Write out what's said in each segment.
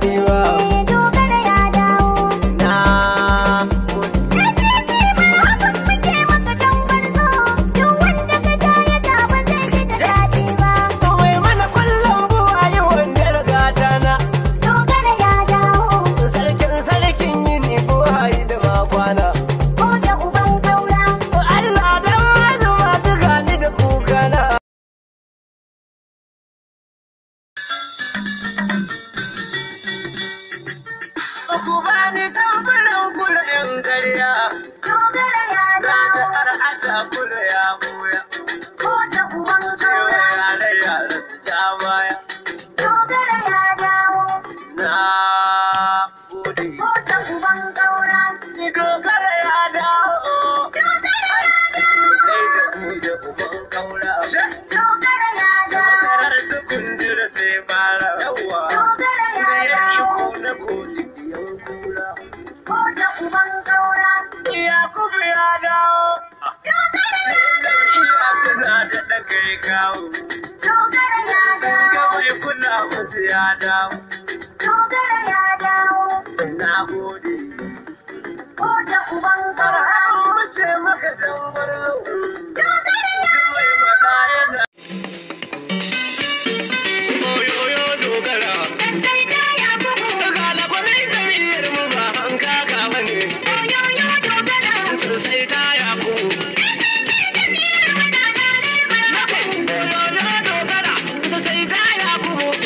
diva ku bani tambarin kur'in karya. Dogara ya dawo. Za ta kula ya buya. Ko ta uban Ya Yare ya rasu ta baya. Dogara ya dawo. Na gode. Ko ta uban kaura. Dogara ya dawo. Dogara ya dawo. Sai da ku da uban kaura. Dogara ya dawo. Masarar su kunjira sai bara. kai kawo. Dogara ya dawo. Ga mai wasu ya dawo. Dogara ya dawo. Na gode. Ko da uban ƙarha muke maka dambar Dogara ya kuma. mu ba an kaka bane. Oyoyo dogara. Sosai ta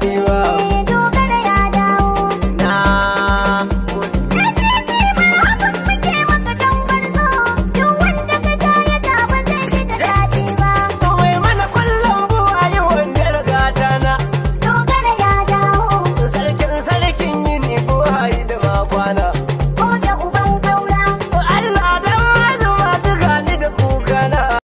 do.